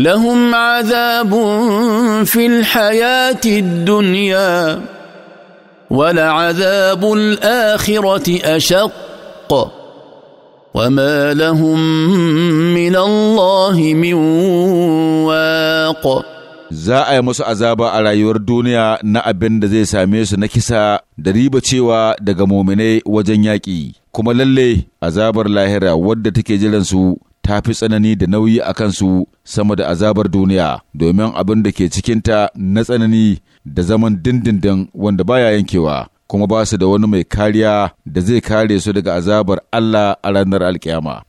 لهم عذاب في الحياه الدنيا ولعذاب الاخره اشق وما لهم من الله من واق za a yi musu azaba a rayuwar duniya na abin da zai same su na kisa da riba cewa daga mominai wajen yaƙi kuma lalle azabar lahira wadda take jiransu ta fi tsanani da nauyi a kansu sama da azabar duniya domin abin da ke cikinta na tsanani da zaman dindindin wanda baya yankewa kuma ba su da wani mai kariya da zai kare su daga azabar Allah a ranar alkiyama.